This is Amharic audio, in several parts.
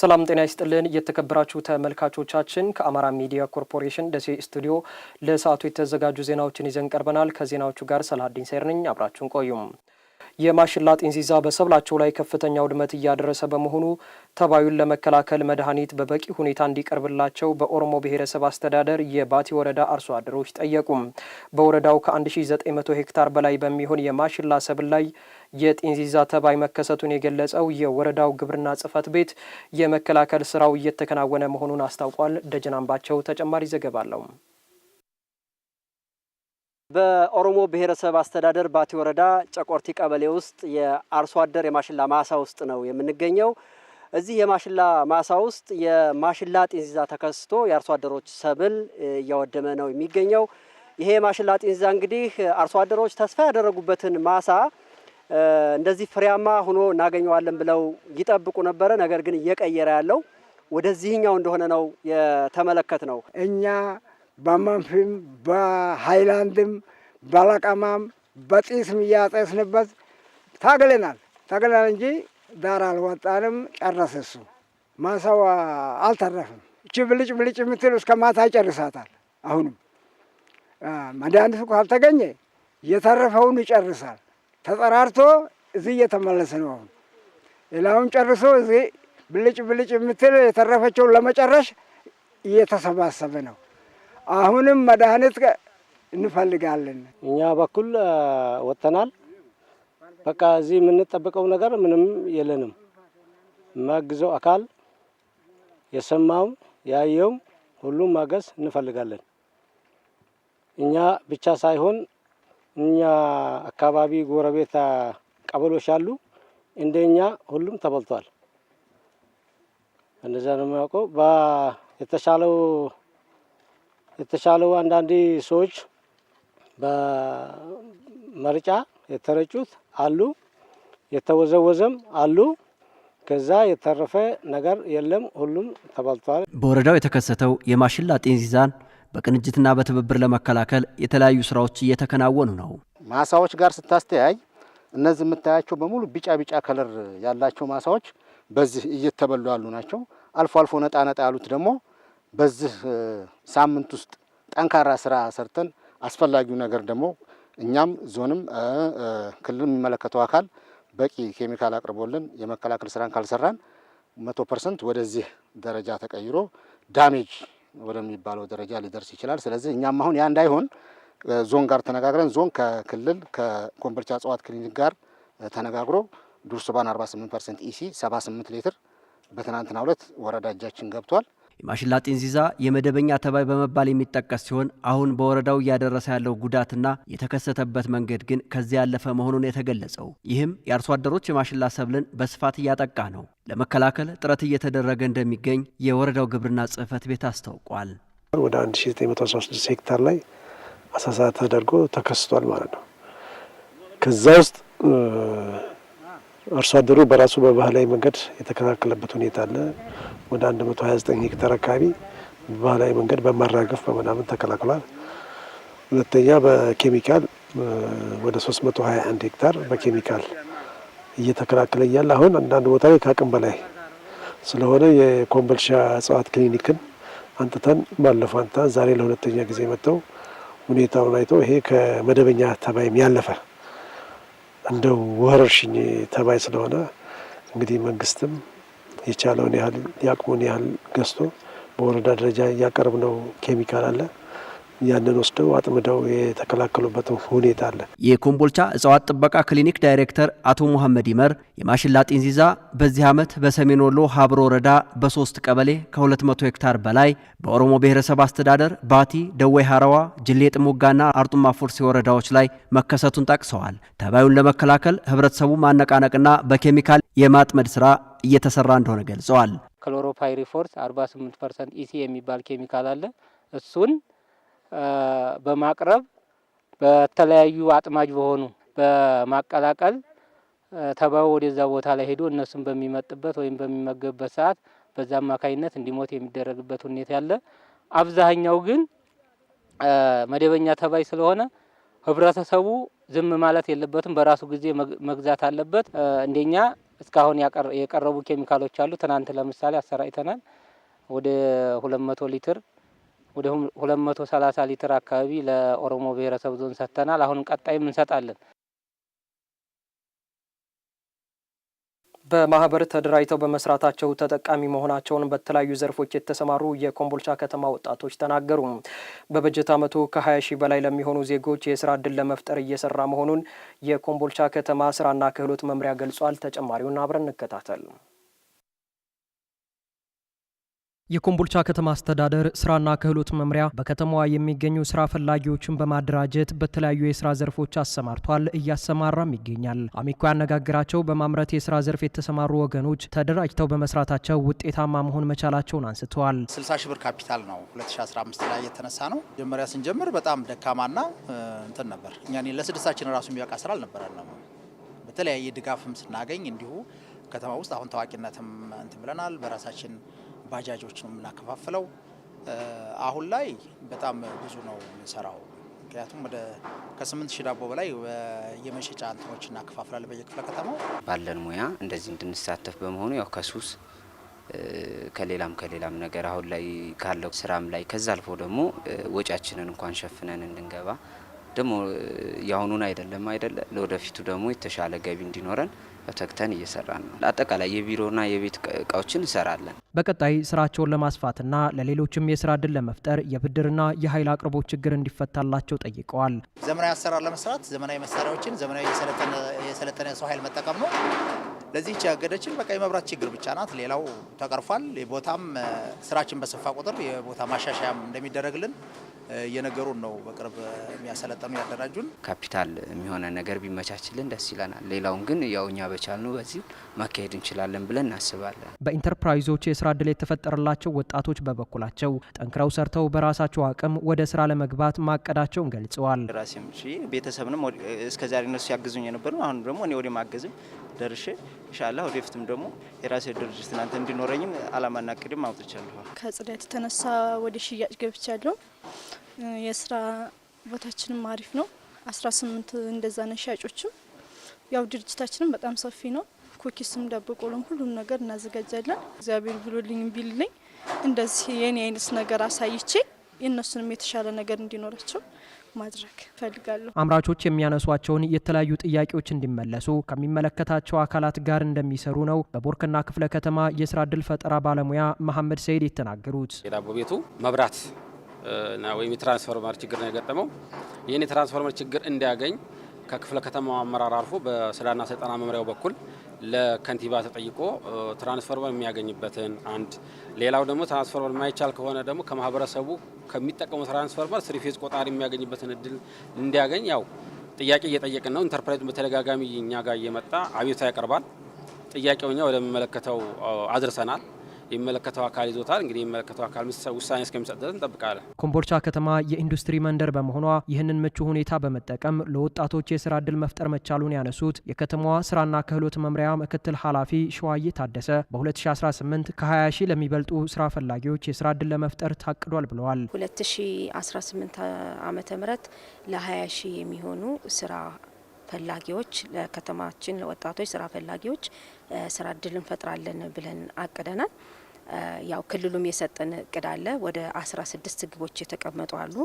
ሰላም ጤና ይስጥልን። እየተከበራችሁ ተመልካቾቻችን ከአማራ ሚዲያ ኮርፖሬሽን ደሴ ስቱዲዮ ለሰዓቱ የተዘጋጁ ዜናዎችን ይዘን ቀርበናል። ከዜናዎቹ ጋር ሰላሀዲን ሰይር ነኝ። አብራችሁን ቆዩም። የማሽላ ጢንዚዛ በሰብላቸው ላይ ከፍተኛ ውድመት እያደረሰ በመሆኑ ተባዩን ለመከላከል መድኃኒት በበቂ ሁኔታ እንዲቀርብላቸው በኦሮሞ ብሔረሰብ አስተዳደር የባቲ ወረዳ አርሶ አደሮች ጠየቁም። በወረዳው ከ1900 ሄክታር በላይ በሚሆን የማሽላ ሰብል ላይ የጢንዚዛ ተባይ መከሰቱን የገለጸው የወረዳው ግብርና ጽሕፈት ቤት የመከላከል ስራው እየተከናወነ መሆኑን አስታውቋል። ደጀናምባቸው ተጨማሪ ዘገባ አለው። በኦሮሞ ብሔረሰብ አስተዳደር ባቲ ወረዳ ጨቆርቲ ቀበሌ ውስጥ የአርሶ አደር የማሽላ ማሳ ውስጥ ነው የምንገኘው። እዚህ የማሽላ ማሳ ውስጥ የማሽላ ጢንዚዛ ተከስቶ የአርሶ አደሮች ሰብል እያወደመ ነው የሚገኘው። ይሄ የማሽላ ጢንዚዛ እንግዲህ አርሶ አደሮች ተስፋ ያደረጉበትን ማሳ እንደዚህ ፍሬያማ ሆኖ እናገኘዋለን ብለው ይጠብቁ ነበረ። ነገር ግን እየቀየረ ያለው ወደዚህኛው እንደሆነ ነው የተመለከት ነው እኛ በመንፊም በሃይላንድም በለቀማም በጢስም እያጠስንበት ታግለናል ታግለናል እንጂ ዳር አልወጣንም። ጨረሰ እሱ ማሳው አልተረፍም። እቺ ብልጭ ብልጭ የምትል እስከ ማታ ይጨርሳታል። አሁንም መድኃኒቱ ካልተገኘ የተረፈውን ይጨርሳል። ተጠራርቶ እዚህ እየተመለሰ ነው። አሁን ሌላውን ጨርሶ እዚህ ብልጭ ብልጭ የምትል የተረፈችውን ለመጨረሽ እየተሰባሰበ ነው። አሁንም መድኃኒት እንፈልጋለን። እኛ በኩል ወጥተናል። በቃ እዚህ የምንጠብቀው ነገር ምንም የለንም። የማግዘው አካል የሰማውም ያየውም ሁሉም ማገዝ እንፈልጋለን። እኛ ብቻ ሳይሆን እኛ አካባቢ ጎረቤት ቀበሎች አሉ። እንደኛ ሁሉም ተበልቷል። እንደዛ ነው የሚያውቀው የተሻለው የተሻለው አንዳንድ ሰዎች በመርጫ የተረጩት አሉ፣ የተወዘወዘም አሉ። ከዛ የተረፈ ነገር የለም፣ ሁሉም ተበልቷል። በወረዳው የተከሰተው የማሽላ ጤንዚዛን በቅንጅትና በትብብር ለመከላከል የተለያዩ ስራዎች እየተከናወኑ ነው። ማሳዎች ጋር ስታስተያይ እነዚህ የምታያቸው በሙሉ ቢጫ ቢጫ ከለር ያላቸው ማሳዎች በዚህ እየተበሉ ያሉ ናቸው። አልፎ አልፎ ነጣ ነጣ ያሉት ደግሞ በዚህ ሳምንት ውስጥ ጠንካራ ስራ ሰርተን አስፈላጊው ነገር ደግሞ እኛም ዞንም ክልል የሚመለከተው አካል በቂ ኬሚካል አቅርቦልን የመከላከል ስራን ካልሰራን መቶ ፐርሰንት ወደዚህ ደረጃ ተቀይሮ ዳሜጅ ወደሚባለው ደረጃ ሊደርስ ይችላል። ስለዚህ እኛም አሁን ያ እንዳይሆን ዞን ጋር ተነጋግረን ዞን ከክልል ከኮምቦልቻ እጽዋት ክሊኒክ ጋር ተነጋግሮ ዱርሱባን 48 ፐርሰንት ኢሲ 78 ሊትር በትናንትናው ዕለት ወረዳ እጃችን ገብቷል። የማሽላ ጢንዚዛ የመደበኛ ተባይ በመባል የሚጠቀስ ሲሆን አሁን በወረዳው እያደረሰ ያለው ጉዳትና የተከሰተበት መንገድ ግን ከዚያ ያለፈ መሆኑን የተገለጸው ይህም የአርሶ አደሮች የማሽላ ሰብልን በስፋት እያጠቃ ነው። ለመከላከል ጥረት እየተደረገ እንደሚገኝ የወረዳው ግብርና ጽሕፈት ቤት አስታውቋል። ወደ 1916 ሄክታር ላይ አሳሳ ተደርጎ ተከስቷል ማለት ነው። ከዛ ውስጥ አርሶ አደሩ በራሱ በባህላዊ መንገድ የተከላከለበት ሁኔታ አለ። ወደ 129 ሄክታር አካባቢ በባህላዊ መንገድ በማራገፍ በምናምን ተከላክሏል። ሁለተኛ በኬሚካል ወደ 321 ሄክታር በኬሚካል እየተከላከለ እያለ አሁን አንዳንድ ቦታ ላይ ከአቅም በላይ ስለሆነ የኮምቦልቻ እጽዋት ክሊኒክን አንጥተን ባለፈው አንታ ዛሬ ለሁለተኛ ጊዜ መጥተው ሁኔታውን አይተው ይሄ ከመደበኛ ተባይም ያለፈ እንደው ወረርሽኝ ተባይ ስለሆነ እንግዲህ መንግስትም የቻለውን ያህል ያቅሙን ያህል ገዝቶ በወረዳ ደረጃ እያቀረብ ነው። ኬሚካል አለ ያንን ወስደው አጥምደው የተከላከሉበት ሁኔታ አለ። የኮምቦልቻ እጽዋት ጥበቃ ክሊኒክ ዳይሬክተር አቶ ሙሐመድ ይመር የማሽላ ጢንዚዛ በዚህ ዓመት በሰሜን ወሎ ሀብሮ ወረዳ በሶስት ቀበሌ ከ200 ሄክታር በላይ በኦሮሞ ብሔረሰብ አስተዳደር ባቲ፣ ደዌ ሀረዋ፣ ጅሌ ጥሙጋና አርጡማ ፎርሲ ወረዳዎች ላይ መከሰቱን ጠቅሰዋል። ተባዩን ለመከላከል ህብረተሰቡ ማነቃነቅና በኬሚካል የማጥመድ ስራ እየተሰራ እንደሆነ ገልጸዋል። ክሎሮፓይሪፎርስ 48 ፐርሰንት ኢሲ የሚባል ኬሚካል አለ እሱን በማቅረብ በተለያዩ አጥማጅ በሆኑ በማቀላቀል ተባው ወደዛ ቦታ ላይ ሄዶ እነሱን በሚመጥበት ወይም በሚመገብበት ሰዓት በዛ አማካኝነት እንዲሞት የሚደረግበት ሁኔታ ያለ። አብዛኛው ግን መደበኛ ተባይ ስለሆነ ህብረተሰቡ ዝም ማለት የለበትም። በራሱ ጊዜ መግዛት አለበት። እንደኛ እስካሁን የቀረቡ ኬሚካሎች አሉ። ትናንት ለምሳሌ አሰራጭተናል ወደ ሁለት መቶ ሊትር ወደ 230 ሊትር አካባቢ ለኦሮሞ ብሔረሰብ ዞን ሰጥተናል። አሁንም ቀጣይም እንሰጣለን። በማህበር ተደራጅተው በመስራታቸው ተጠቃሚ መሆናቸውን በተለያዩ ዘርፎች የተሰማሩ የኮምቦልቻ ከተማ ወጣቶች ተናገሩ። በበጀት ዓመቱ ከ20 ሺህ በላይ ለሚሆኑ ዜጎች የስራ እድል ለመፍጠር እየሰራ መሆኑን የኮምቦልቻ ከተማ ስራና ክህሎት መምሪያ ገልጿል። ተጨማሪውን አብረን እንከታተል። የኮምቦልቻ ከተማ አስተዳደር ስራና ክህሎት መምሪያ በከተማዋ የሚገኙ ስራ ፈላጊዎችን በማደራጀት በተለያዩ የስራ ዘርፎች አሰማርቷል፣ እያሰማራም ይገኛል። አሚኮ ያነጋግራቸው በማምረት የስራ ዘርፍ የተሰማሩ ወገኖች ተደራጅተው በመስራታቸው ውጤታማ መሆን መቻላቸውን አንስተዋል። 60 ሺህ ብር ካፒታል ነው 2015 ላይ የተነሳ ነው። መጀመሪያ ስንጀምር በጣም ደካማና እንትን ነበር። እኛ ለስድስታችን ራሱ የሚበቃ ስራ አልነበረን ነው። በተለያየ ድጋፍም ስናገኝ እንዲሁ ከተማ ውስጥ አሁን ታዋቂነትም እንትን ብለናል በራሳችን ባጃጆች ነው የምናከፋፍለው። አሁን ላይ በጣም ብዙ ነው የምንሰራው። ምክንያቱም ወደ ከስምንት ሺህ ዳቦ በላይ የመሸጫ እንትኖች እናከፋፍላለን በየክፍለ ከተማው። ባለን ሙያ እንደዚህ እንድንሳተፍ በመሆኑ ያው ከሱስ ከሌላም ከሌላም ነገር አሁን ላይ ካለው ስራም ላይ ከዛ አልፎ ደግሞ ወጪያችንን እንኳን ሸፍነን እንድንገባ ደግሞ የአሁኑን አይደለም አይደለ ለወደፊቱ ደግሞ የተሻለ ገቢ እንዲኖረን ተግተን እየሰራን ነው። አጠቃላይ የቢሮና የቤት እቃዎችን እንሰራለን። በቀጣይ ስራቸውን ለማስፋትና ለሌሎችም የስራ እድል ለመፍጠር የብድርና የኃይል አቅርቦት ችግር እንዲፈታላቸው ጠይቀዋል። ዘመናዊ አሰራር ለመስራት ዘመናዊ መሳሪያዎችን፣ ዘመናዊ የሰለጠነ ሰው ኃይል መጠቀም ነው። ለዚህ ያገደችን በቃ የመብራት ችግር ብቻ ናት። ሌላው ተቀርፏል። የቦታም ስራችን በሰፋ ቁጥር የቦታ ማሻሻያም እንደሚደረግልን እየነገሩን ነው። በቅርብ የሚያሰለጠኑ ያደራጁን ካፒታል የሚሆነ ነገር ቢመቻችልን ደስ ይለናል። ሌላውን ግን ያው እኛ በቻልነው በዚህ ማካሄድ እንችላለን ብለን እናስባለን። በኢንተርፕራይዞች የስራ እድል የተፈጠረላቸው ወጣቶች በበኩላቸው ጠንክረው ሰርተው በራሳቸው አቅም ወደ ስራ ለመግባት ማቀዳቸውን ገልጸዋል። ራሴም ቤተሰብንም እስከዛሬ እነሱ ያግዙኝ የነበሩ አሁን ደግሞ እኔ ወደ ማገዝም ደርሼ ኢንሻአላህ ወደፊትም ደግሞ የራሴ ድርጅት እናንተ እንዲኖረኝም አላማና ቅድም አውጥቻለሁ። ከጽዳት የተነሳ ወደ ሽያጭ ገብቻለሁ። የስራ ቦታችንም አሪፍ ነው። ስምንት እንደዛ ነ ሻጮችም። ያው ድርጅታችንም በጣም ሰፊ ነው። ኩኪስም፣ ዳቦ ሁሉም ነገር እናዘጋጃለን። እግዚአብሔር ብሎልኝ ቢልልኝ እንደዚህ የኔ አይነት ነገር አሳይቼ የእነሱንም የተሻለ ነገር እንዲኖራቸው ማድረግ እፈልጋለሁ። አምራቾች የሚያነሷቸውን የተለያዩ ጥያቄዎች እንዲመለሱ ከሚመለከታቸው አካላት ጋር እንደሚሰሩ ነው በቦርክና ክፍለ ከተማ የስራ እድል ፈጠራ ባለሙያ መሐመድ ሰይድ የተናገሩት። የዳቦ ቤቱ መብራት ወይም የትራንስፎርመር ችግር ነው የገጠመው። ይህን የትራንስፎርመር ችግር እንዲያገኝ ከክፍለ ከተማው አመራር አልፎ በስራና ስልጠና መምሪያው በኩል ለከንቲባ ተጠይቆ ትራንስፎርመር የሚያገኝበትን አንድ ሌላው ደግሞ ትራንስፎርመር የማይቻል ከሆነ ደግሞ ከማህበረሰቡ ከሚጠቀሙ ትራንስፎርመር ስሪፌዝ ቆጣሪ የሚያገኝበትን እድል እንዲያገኝ ያው ጥያቄ እየጠየቅን ነው። ኢንተርፕራይዙን በተደጋጋሚ እኛ ጋር እየመጣ አቤቱታ ያቀርባል። ጥያቄው እኛ ወደሚመለከተው አድርሰናል። የሚመለከተው አካል ይዞታል። እንግዲህ የሚመለከተው አካል ውሳኔ እስከሚሰጥ ድረስ እንጠብቃለን። ኮምቦልቻ ከተማ የኢንዱስትሪ መንደር በመሆኗ ይህንን ምቹ ሁኔታ በመጠቀም ለወጣቶች የስራ እድል መፍጠር መቻሉን ያነሱት የከተማዋ ስራና ክህሎት መምሪያ ምክትል ኃላፊ ሸዋዬ ታደሰ በ2018 ከ20 ሺህ ለሚበልጡ ስራ ፈላጊዎች የስራ እድል ለመፍጠር ታቅዷል ብለዋል። 2018 ዓመተ ምህረት ለ20 ሺህ የሚሆኑ ስራ ፈላጊዎች ለከተማችን ለወጣቶች ስራ ፈላጊዎች ስራ እድል እንፈጥራለን ብለን አቅደናል። ያው ክልሉም የሰጠን እቅድ አለ። ወደ 16 ግቦች የተቀመጡ አሉ።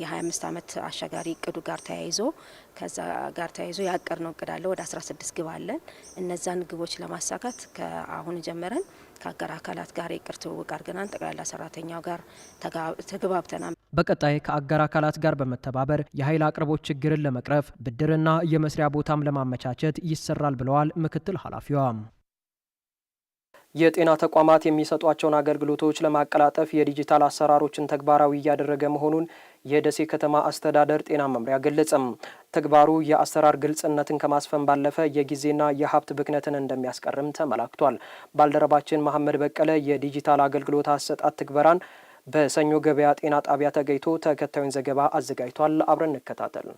የ25 ዓመት አሻጋሪ እቅዱ ጋር ተያይዞ ከዛ ጋር ተያይዞ ያቀድነው እቅድ አለ። ወደ 16 ግብ አለን። እነዛን ግቦች ለማሳካት ከአሁን ጀምረን ከአገር አካላት ጋር የቅር ትውውቅ አድርገናል። ጠቅላላ ሰራተኛው ጋር ተግባብተናል። በቀጣይ ከአጋር አካላት ጋር በመተባበር የኃይል አቅርቦት ችግርን ለመቅረፍ ብድርና የመስሪያ ቦታም ለማመቻቸት ይሰራል ብለዋል ምክትል ኃላፊዋም የጤና ተቋማት የሚሰጧቸውን አገልግሎቶች ለማቀላጠፍ የዲጂታል አሰራሮችን ተግባራዊ እያደረገ መሆኑን የደሴ ከተማ አስተዳደር ጤና መምሪያ ገለጸም። ተግባሩ የአሰራር ግልጽነትን ከማስፈን ባለፈ የጊዜና የሀብት ብክነትን እንደሚያስቀርም ተመላክቷል። ባልደረባችን መሐመድ በቀለ የዲጂታል አገልግሎት አሰጣት ትግበራን በሰኞ ገበያ ጤና ጣቢያ ተገኝቶ ተከታዩን ዘገባ አዘጋጅቷል። አብረን እንከታተል።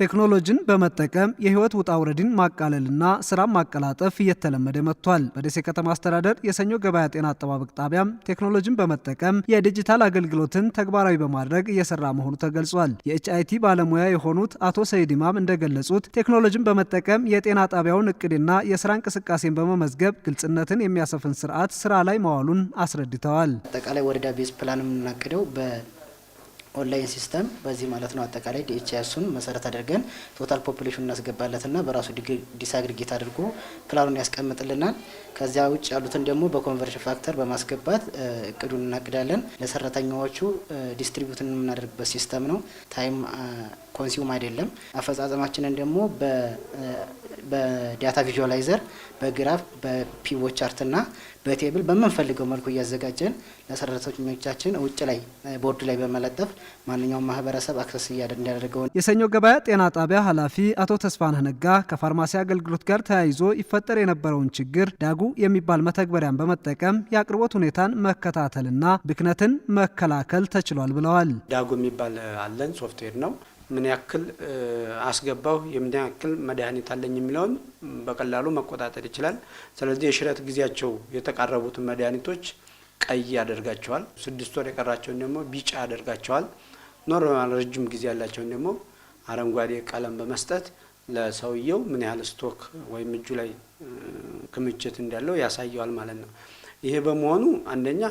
ቴክኖሎጂን በመጠቀም የህይወት ውጣ ውረድን ማቃለልና ስራን ማቀላጠፍ እየተለመደ መጥቷል። በደሴ ከተማ አስተዳደር የሰኞ ገበያ ጤና አጠባበቅ ጣቢያም ቴክኖሎጂን በመጠቀም የዲጂታል አገልግሎትን ተግባራዊ በማድረግ እየሰራ መሆኑ ተገልጿል። የኤች አይቲ ባለሙያ የሆኑት አቶ ሰይድ ኢማም እንደገለጹት ቴክኖሎጂን በመጠቀም የጤና ጣቢያውን እቅድና የስራ እንቅስቃሴን በመመዝገብ ግልጽነትን የሚያሰፍን ስርዓት ስራ ላይ መዋሉን አስረድተዋል። አጠቃላይ ወረዳ ቤዝ ፕላን የምናቅደው ኦንላይን ሲስተም በዚህ ማለት ነው። አጠቃላይ ዲኤችአይሱን መሰረት አድርገን ቶታል ፖፕሌሽን እናስገባለትና በራሱ ዲስአግሪጌት አድርጎ ፕላኑን ያስቀምጥልናል። ከዚያ ውጭ ያሉትን ደግሞ በኮንቨርሽን ፋክተር በማስገባት እቅዱን እናቅዳለን። ለሰራተኛዎቹ ዲስትሪቢዩትን የምናደርግበት ሲስተም ነው ታይም ኮንሲውም አይደለም። አፈጻጸማችንን ደግሞ በዳታ ቪዥዋላይዘር በግራፍ በፒቮ ቻርትና በቴብል በምንፈልገው መልኩ እያዘጋጀን ለሰራተኞቻችን ውጭ ላይ ቦርድ ላይ በመለጠፍ ማንኛውም ማህበረሰብ አክሰስ እያደር እንዲያደርገው። የሰኞ ገበያ ጤና ጣቢያ ኃላፊ አቶ ተስፋነህ ነጋ ከፋርማሲ አገልግሎት ጋር ተያይዞ ይፈጠር የነበረውን ችግር ዳጉ የሚባል መተግበሪያን በመጠቀም የአቅርቦት ሁኔታን መከታተልና ብክነትን መከላከል ተችሏል ብለዋል። ዳጉ የሚባል አለን ሶፍትዌር ነው ምን ያክል አስገባሁ፣ የምን ያክል መድኃኒት አለኝ የሚለውን በቀላሉ መቆጣጠር ይችላል። ስለዚህ የሽረት ጊዜያቸው የተቃረቡትን መድኃኒቶች ቀይ ያደርጋቸዋል። ስድስት ወር የቀራቸውን ደግሞ ቢጫ ያደርጋቸዋል። ኖርማል ረጅም ጊዜ ያላቸውን ደግሞ አረንጓዴ ቀለም በመስጠት ለሰውየው ምን ያህል ስቶክ ወይም እጁ ላይ ክምችት እንዳለው ያሳየዋል ማለት ነው። ይሄ በመሆኑ አንደኛ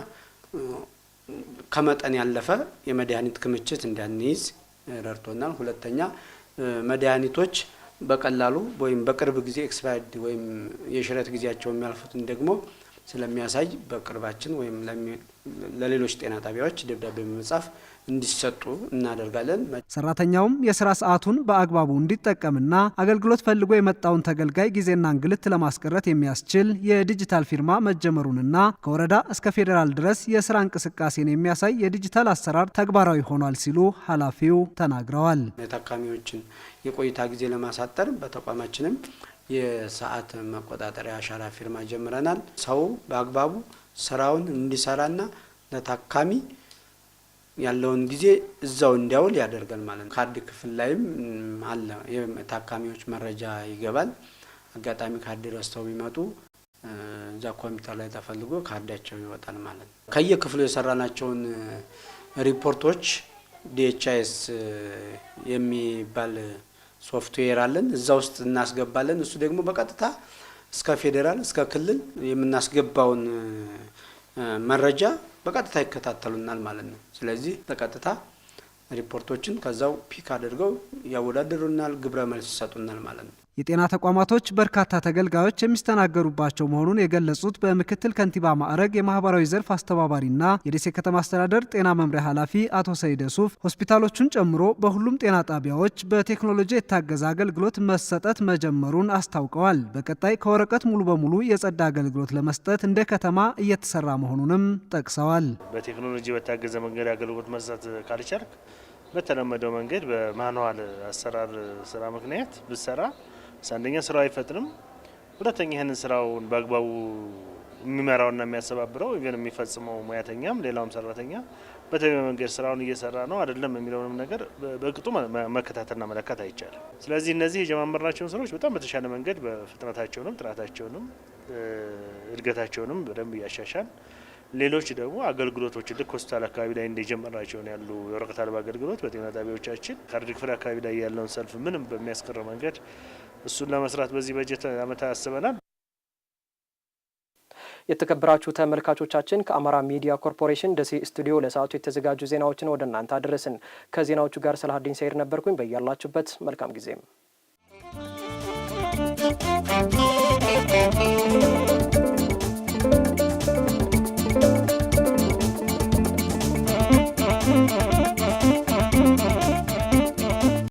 ከመጠን ያለፈ የመድኃኒት ክምችት እንዳንይዝ ረድቶናል። ሁለተኛ መድኃኒቶች በቀላሉ ወይም በቅርብ ጊዜ ኤክስፓይርድ ወይም የሽረት ጊዜያቸው የሚያልፉትን ደግሞ ስለሚያሳይ በቅርባችን ወይም ለሌሎች ጤና ጣቢያዎች ደብዳቤ በመጻፍ እንዲሰጡ እናደርጋለን። ሰራተኛውም የስራ ሰዓቱን በአግባቡ እንዲጠቀምና አገልግሎት ፈልጎ የመጣውን ተገልጋይ ጊዜና እንግልት ለማስቀረት የሚያስችል የዲጂታል ፊርማ መጀመሩንና ከወረዳ እስከ ፌዴራል ድረስ የስራ እንቅስቃሴን የሚያሳይ የዲጂታል አሰራር ተግባራዊ ሆኗል ሲሉ ኃላፊው ተናግረዋል። የታካሚዎችን የቆይታ ጊዜ ለማሳጠር በተቋማችንም የሰዓት መቆጣጠሪያ አሻራ ፊርማ ጀምረናል። ሰው በአግባቡ ስራውን እንዲሰራና ለታካሚ ያለውን ጊዜ እዛው እንዲያውል ያደርጋል ማለት ነው። ካርድ ክፍል ላይም አለ የታካሚዎች መረጃ ይገባል። አጋጣሚ ካርድ ረስተው ቢመጡ እዛ ኮምፒውተር ላይ ተፈልጎ ካርዳቸው ይወጣል ማለት ነው። ከየክፍሉ የሰራናቸውን ሪፖርቶች ዲኤችአይኤስ የሚባል ሶፍትዌር አለን። እዛ ውስጥ እናስገባለን። እሱ ደግሞ በቀጥታ እስከ ፌዴራል እስከ ክልል የምናስገባውን መረጃ በቀጥታ ይከታተሉናል ማለት ነው። ስለዚህ በቀጥታ ሪፖርቶችን ከዛው ፒክ አድርገው ያወዳደሩናል፣ ግብረ መልስ ይሰጡናል ማለት ነው። የጤና ተቋማቶች በርካታ ተገልጋዮች የሚስተናገሩባቸው መሆኑን የገለጹት በምክትል ከንቲባ ማዕረግ የማህበራዊ ዘርፍ አስተባባሪና የደሴ ከተማ አስተዳደር ጤና መምሪያ ኃላፊ አቶ ሰይደ ሱፍ ሆስፒታሎቹን ጨምሮ በሁሉም ጤና ጣቢያዎች በቴክኖሎጂ የታገዘ አገልግሎት መሰጠት መጀመሩን አስታውቀዋል። በቀጣይ ከወረቀት ሙሉ በሙሉ የጸዳ አገልግሎት ለመስጠት እንደ ከተማ እየተሰራ መሆኑንም ጠቅሰዋል። በቴክኖሎጂ በታገዘ መንገድ አገልግሎት መስጠት ካልቻልክ በተለመደው መንገድ በማኑዋል አሰራር ስራ ምክንያት ብሰራ አንደኛ ስራው አይፈጥንም፣ ሁለተኛ ይህንን ስራውን በአግባቡ የሚመራውና የሚያሰባብረው ኢቨን የሚፈጽመው ሙያተኛም ሌላውም ሰራተኛ በተገቢ መንገድ ስራውን እየሰራ ነው አይደለም የሚለውንም ነገር በቅጡ መከታተልና መለካት አይቻልም። ስለዚህ እነዚህ የጀማመርናቸውን ስራዎች በጣም በተሻለ መንገድ በፍጥነታቸውንም ጥራታቸውንም እድገታቸውንም በደንብ እያሻሻል ሌሎች ደግሞ አገልግሎቶች ልክ ሆስፒታል አካባቢ ላይ እንደጀመራቸውን ያሉ የወረቀት አልባ አገልግሎት በጤና ጣቢያዎቻችን ካርድ ክፍል አካባቢ ላይ ያለውን ሰልፍ ምንም በሚያስቀር መንገድ እሱን ለመስራት በዚህ በጀት ዓመት ያስበናል። የተከበራችሁ ተመልካቾቻችን ከአማራ ሚዲያ ኮርፖሬሽን ደሴ ስቱዲዮ ለሰዓቱ የተዘጋጁ ዜናዎችን ወደ እናንተ አደረስን። ከዜናዎቹ ጋር ስለ ሀዲን ሰይድ ነበርኩኝ። በያላችሁበት መልካም ጊዜም